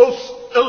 us el